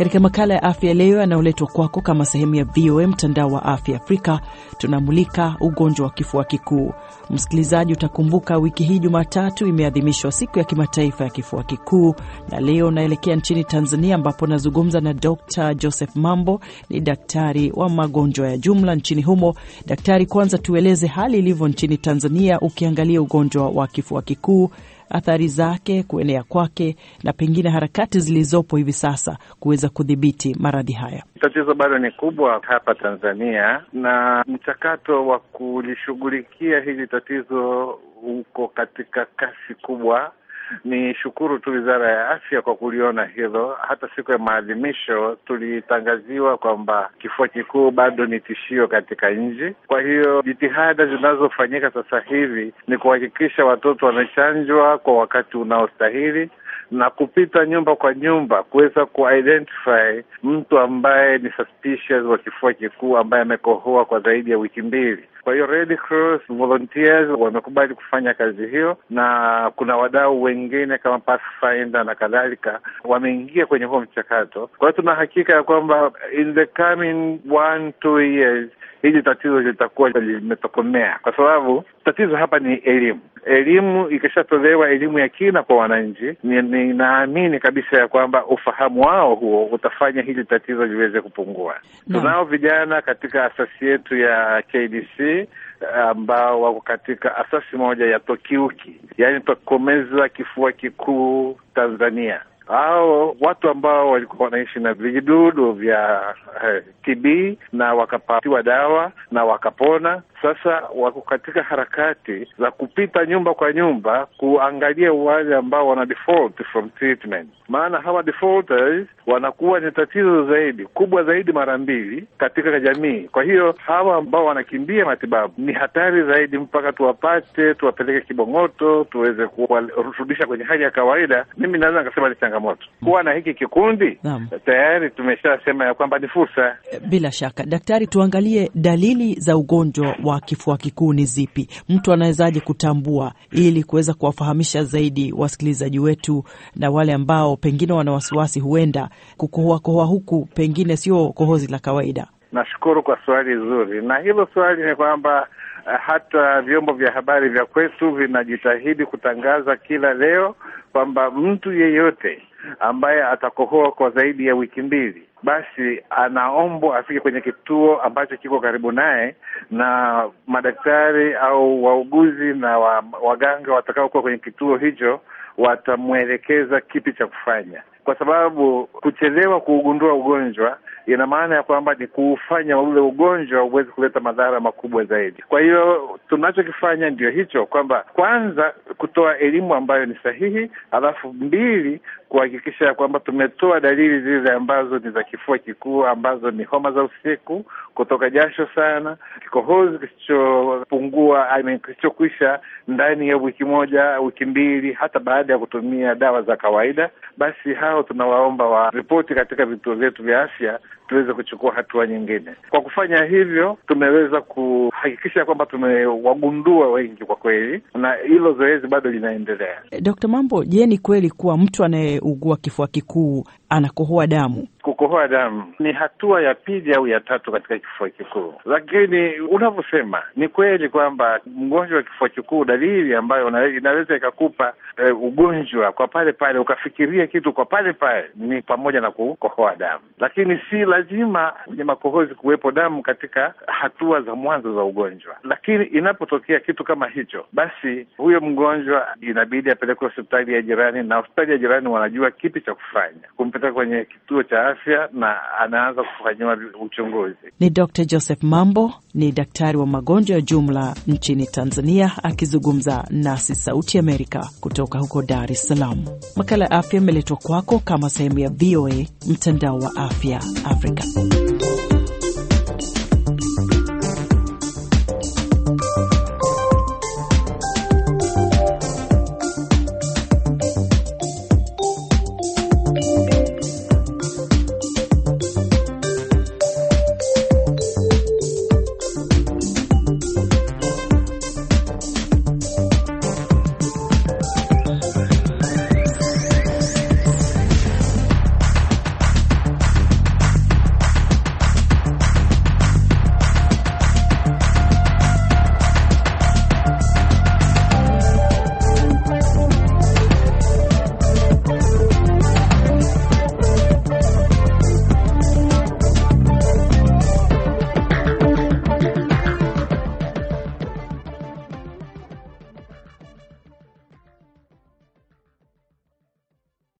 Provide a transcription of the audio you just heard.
Katika makala ya afya leo yanayoletwa kwako kama sehemu ya VOA mtandao wa afya Afrika, tunamulika ugonjwa wa kifua kikuu. Msikilizaji, utakumbuka wiki hii Jumatatu imeadhimishwa siku ya kimataifa ya kifua kikuu, na leo naelekea nchini Tanzania ambapo nazungumza na Dr Joseph Mambo, ni daktari wa magonjwa ya jumla nchini humo. Daktari, kwanza tueleze hali ilivyo nchini Tanzania ukiangalia ugonjwa wa kifua kikuu athari zake, kuenea kwake na pengine harakati zilizopo hivi sasa kuweza kudhibiti maradhi haya? Tatizo bado ni kubwa hapa Tanzania na mchakato wa kulishughulikia hili tatizo uko katika kasi kubwa ni shukuru tu Wizara ya Afya kwa kuliona hilo. Hata siku ya maadhimisho tulitangaziwa kwamba kifua kikuu bado ni tishio katika nchi. Kwa hiyo jitihada zinazofanyika sasa hivi ni kuhakikisha watoto wanachanjwa kwa wakati unaostahili na kupita nyumba kwa nyumba kuweza kuidentify mtu ambaye ni suspicious wa kifua kikuu ambaye amekohoa kwa zaidi ya wiki mbili. Kwa hiyo Red Cross volunteers wamekubali kufanya kazi hiyo, na kuna wadau wengine kama Pathfinder na kadhalika wameingia kwenye huo mchakato. Kwa hiyo tuna hakika ya kwamba in the coming one two years hili tatizo litakuwa limetokomea, kwa sababu tatizo hapa ni elimu. Elimu ikishatolewa elimu ya kina kwa wananchi, ninaamini ni kabisa ya kwamba ufahamu wao huo utafanya hili tatizo liweze kupungua. No. Tunao vijana katika asasi yetu ya KDC ambao wako katika asasi moja ya Tokiuki, yaani tokomeza kifua kikuu Tanzania au watu ambao walikuwa wanaishi na vijidudu vya eh, TB na wakapatiwa dawa na wakapona, sasa wako katika harakati za kupita nyumba kwa nyumba kuangalia wale ambao wana default from treatment, maana hawa defaulters wanakuwa ni tatizo zaidi kubwa zaidi mara mbili katika jamii. Kwa hiyo hawa ambao wanakimbia matibabu ni hatari zaidi, mpaka tuwapate tuwapeleke Kibong'oto tuweze kuwarudisha kwenye hali ya kawaida. Mimi naweza nikasema ni changamoto kuwa na hiki kikundi Naam. Tayari tumeshasema ya kwamba ni fursa. Bila shaka, daktari, tuangalie dalili za ugonjwa wa wa kifua kikuu ni zipi? Mtu anawezaje kutambua ili kuweza kuwafahamisha zaidi wasikilizaji wetu na wale ambao pengine wana wasiwasi huenda kukohoakohoa huku pengine sio kohozi la kawaida? Nashukuru kwa swali zuri, na hilo swali ni kwamba eh, hata vyombo vya habari vya kwetu vinajitahidi kutangaza kila leo kwamba mtu yeyote ambaye atakohoa kwa zaidi ya wiki mbili basi anaombwa afike kwenye kituo ambacho kiko karibu naye, na madaktari au wauguzi na wa, waganga watakaokuwa kwenye kituo hicho watamwelekeza kipi cha kufanya, kwa sababu kuchelewa kuugundua ugonjwa ina maana ya kwamba ni kuufanya ule ugonjwa uweze kuleta madhara makubwa zaidi. Kwa hiyo tunachokifanya ndio hicho, kwamba kwanza kutoa elimu ambayo ni sahihi, alafu mbili kuhakikisha ya kwamba tumetoa dalili zile ambazo ni za kifua kikuu ambazo ni homa za usiku, kutoka jasho sana, kikohozi kisichopungua, I mean, kisichokwisha ndani ya wiki moja, wiki mbili, hata baada ya kutumia dawa za kawaida, basi hao tunawaomba waripoti katika vituo vyetu vya afya tuweze kuchukua hatua nyingine. Kwa kufanya hivyo, tumeweza kuhakikisha kwamba tumewagundua wengi kwa kweli, na hilo zoezi bado linaendelea. Dkt. Mambo, je, ni kweli kuwa mtu anayeugua kifua kikuu anakohoa damu kukohoa damu ni hatua ya pili au ya tatu katika kifua kikuu. Lakini unavyosema ni kweli kwamba mgonjwa wa kifua kikuu, dalili ambayo inaweza ikakupa e, ugonjwa kwa pale pale ukafikiria kitu kwa pale pale ni pamoja na kukohoa damu, lakini si lazima kwenye makohozi kuwepo damu katika hatua za mwanzo za ugonjwa. Lakini inapotokea kitu kama hicho, basi huyo mgonjwa inabidi apelekwe hospitali ya jirani, na hospitali ya jirani wanajua kipi cha kufanya, kumpeleka kwenye kituo cha afya afya na anaanza kufanyiwa uchunguzi. Ni Dr. Joseph Mambo, ni daktari wa magonjwa ya jumla nchini Tanzania akizungumza nasi Sauti Amerika kutoka huko Dar es Salaam. Makala ya afya imeletwa kwako kama sehemu ya VOA mtandao wa afya Afrika.